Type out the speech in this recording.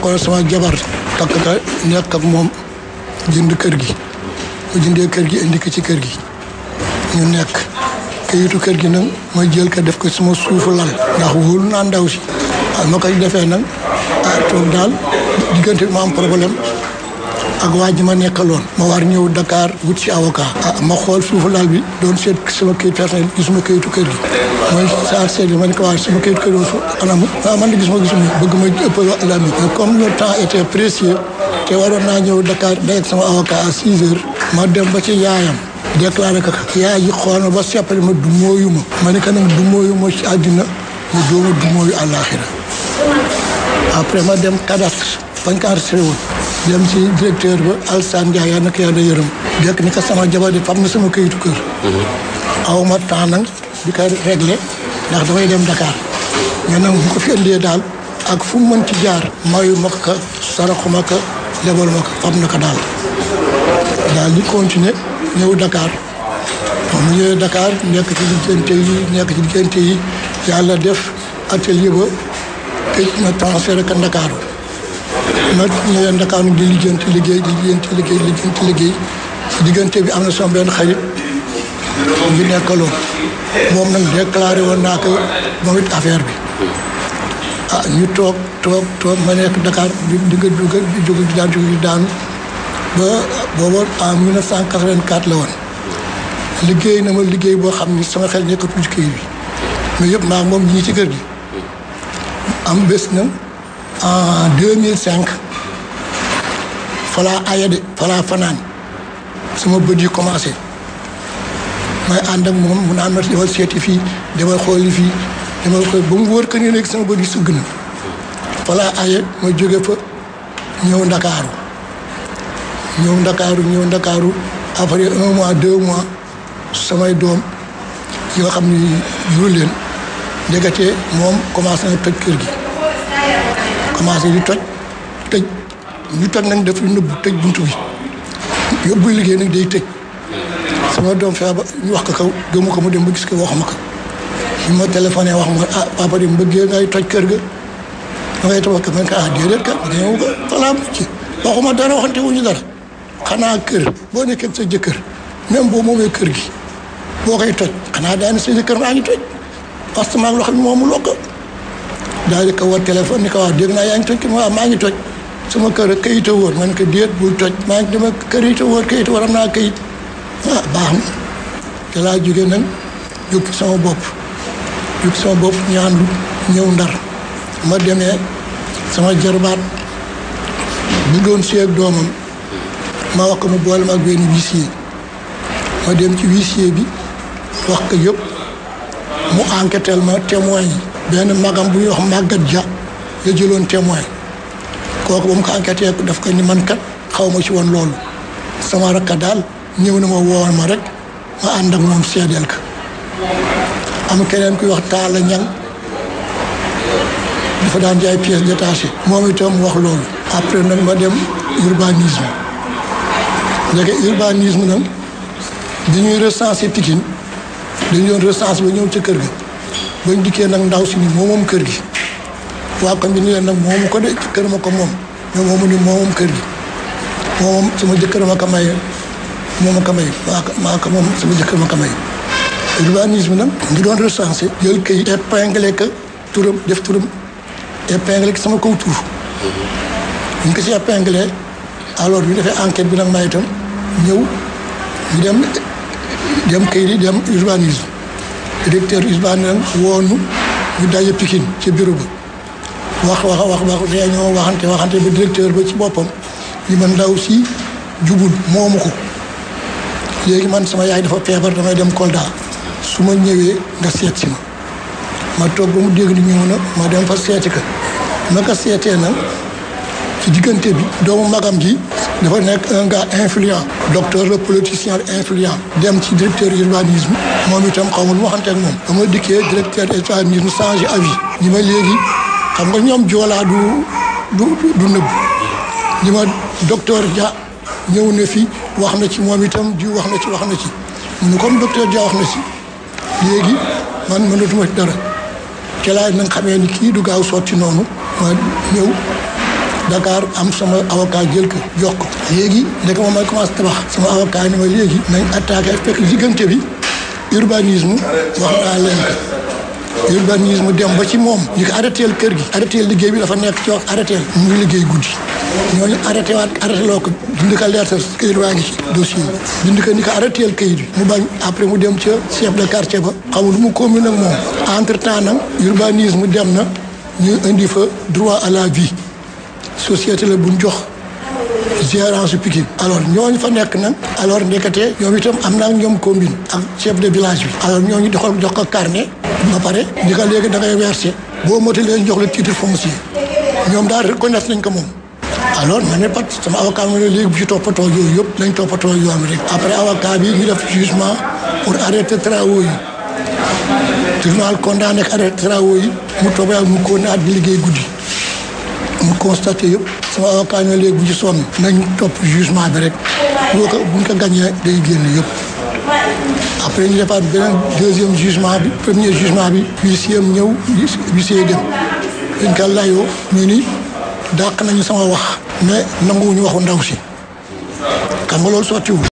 ko sama jabar takk ta nekk ak moom jënd kër gi mu jëndee kër gi indi ko ci kër gi ñu nekk kayitu kër gi nag ma jël ko def ko suma suufu lal ndax wóolu naa ndaw si waaw ma koy defee nag ah toog daal diggante bi am problème ak waa ji ma nekkaloon ma war ñëw Dakar wut ci avocat ah, ma xool suufu lal bi doon seet suma kayit personnel kër gi mooy sarse bi ma ne ko waaye sama kayit kër su man de gisuma gisuma bëgg ma ëppaloo lam yi waroon naa ñëw Dakar dayeg sama avocat à six heures ma dem ba ci yaayam déclaré ko yaay ji xool ma ba seppali ma dumóoyu ma ma ne ko nag dumóoyu ma ci àddina mu dooma dumóoyu àllaaxira après ma dem cadastre bañ ko woon dem ci directeur ba Alsaan Ndiaye yaa na ko yàlla yërëm dekk ni ko sama jabar di fam na sama kayitu kër mhm. aw ma di ko réglé ndax dafay dem Dakar ñu ne bu ko fi indee daal ak fu mu mën ci jaar mayu ma ko saraxu ma ko lebal ko fab na ko daal daal di continuer ñëw Dakar moom mu ñëwee Dakar nekk ci diggante yi nekk ci diggante yi yàlla def atelier ba këj ma transféré ko Dakar ma ñëwee Dakar di lijjanti liggéey di lijjanti liggéey lijjanti liggéey diggante bi am na sama benn xarit ngi fi nekkaloon moom nag déclaré woon naa ko moom it affaire bi ah ñu toog toog toog ma nekk Dakar bi di nga jóge jóge ji daan jóge ji daanu ba booba en 1984 la woon liggéey na ma liggéey boo xam ne sama xel nekkatul ci kii bi mais yëpp maa moom ñii ci kër gi am bés na en 2005 falaa ayade falaa fanaan suma bët yi commencé may ànd ak moom mu naan ma demal seeti fii demal xooli fii demal xool ba mu wóor que ni nekk sama bët yi sugg na fa laa aye ma jóge fa ñëw ndakaaru ñëw ndakaaru ñëw ndakaaru après un mois deux mois samay doom yoo xam ni juru leen ndekete moom commencé na toj kër gi commencé di toj tëj ñu toj nañ def lu nëbb tëj buntu bi yóbbu liggéey nag day tëj sama doom fexe ba ñu wax ka kaw gëmu ko mu dem ba gis ko waxuma ko ñu ma téléphoné wax ma ah papa dem bëggee ngay toj kër ga da ngay ah, dara waxante wuñu dara xanaa kër boo nekkee sa jëkkër même boo moomee kër gi boo koy toj xanaa daani sa jëkkër maa que maa ngi loo xam ne moomu ni ko waaw ngi toj sama kër kayit a wóor man ko déet bul toj maa ngi dama kër yi a wóor kayit war am naa kayit ah baax na te laa jóge nag jukki sama bopp jukki sama bopp ñaandu ñëw ndar ma demee sama jarbaat bu doon seeg doomam ma wax ko mu boole ma ak benn huissier ma dem ci huissier bi wax ko yëpp mu enquêtel ma témoin benn magam bu yox màggat ja la jëloon témoin kooku ba mu ko enquêté daf ko ni man kat xaw ma ci woon loolu sama rakka daal ñëw na ma woowal ma rek ma ànd ak moom seedeel ka am keneen kuy wax taala ñang dafa daan jaay pièces détachées moom itam wax loolu après nag ma dem urbanisme ndeke urbanisme nag bi ñuy recensé Pikine dañu doon recensé ba ñëw ca kër ga bañ dikkee nag ndaw si ni moomoom kër gi waa ko bi ni leen nag moomu ko de kër ma ko moom mais moomu kër gi moomoom sama jëkkër ma ko maye moo ma ko may maa ko maa ko moom sama jëkkër ma ko may urbanisme nag ngi doon recensé jël kayit épinglé ko turam def turam épinglé ko sama kaw tur ñu ko alors bi defee enquête bi nag maa itam ñëw dem dem kayit yi dem urbanisme directeur urbanisme woonu ñu daje Pikine ci bureau ba wax wax wax wax réunion waxante waxante ba directeur ba ci boppam li man ndaw si jubul moomu ko léegi man sama yaay dafa feebar damay dem Kolda su ma ñëwee nga seet si ma ma toog ba mu dégg ni ñëw na ma dem fa seeti ka ma ko seetee nag ci diggante bi doomu magam ji dafa nekk un gars influent docteur le politicien influent dem ci directeur urbanisme moom itam xaw ma lu waxante ak moom ba ma dikkee directeur urbanisme changé avis ñi ma léegi xam nga ñoom joolaa du du du nëbb ma docteur Dia ñëw na fi wax na ci moom itam di wax na ci wax na ci mu ne comme docteur Dia wax na ci léegi man mënatuma ci dara ca laay na nga xamee ni kii du gaaw sotti noonu ma ñëw Dakar am sama avocat jël ko jox ko. léegi ndeke moom may commencé tabax sama avocat ni ma léegi nañ attaqué fekk diggante bi urbanisme wax naa leen ko. urbanisme dem ba ci moom ñu ko kër gi arrêté liggéey bi dafa nekk coox arrêté mu ngi liggéey guddi ñoo arrêté waat arrêté loo ko bind ko lettre këyit waa ngi ci dossier bi bind ko ni ko arrêté këyit bi mu bañ après mu dem ca chef de quartier ba xamul mu commune ak moom entre temps nag urbanisme dem na ñu indi fa droit à la vie société la ñu jox gérance Pikine alors ñooñu fa nekk nag alors ndekete ñoom itam am naa ñoom combine ak chef de village bi alors ñu doxal jox ko carnet ba pare ni léegi da ngay versé boo moti leen jox la titre foncier ñoom daal reconnaître nañ ko moom alors ma ne pat sama avocat ma ne léegi bu ci toppatoo yooyu yëpp lañ toppatoo yoon rek après avocat bi ñu def jugement pour arrêter travaux yi tribunal condamné arrêté travaux yi mu toog mu ko naat bi liggéey guddi mu constaté yëpp waaw avocat ne léegi bu ci sonn nañu topp jugement bi rek bu ko buñ ko gañee day génn yëpp après ñu defaat beneen deuxième jugement bi premier jugement bi huissier ñëw huissier dem dañ ko layoo ñu ni dàq nañu sama wax mais ñu waxu ndaw si xam nga loolu sottiwul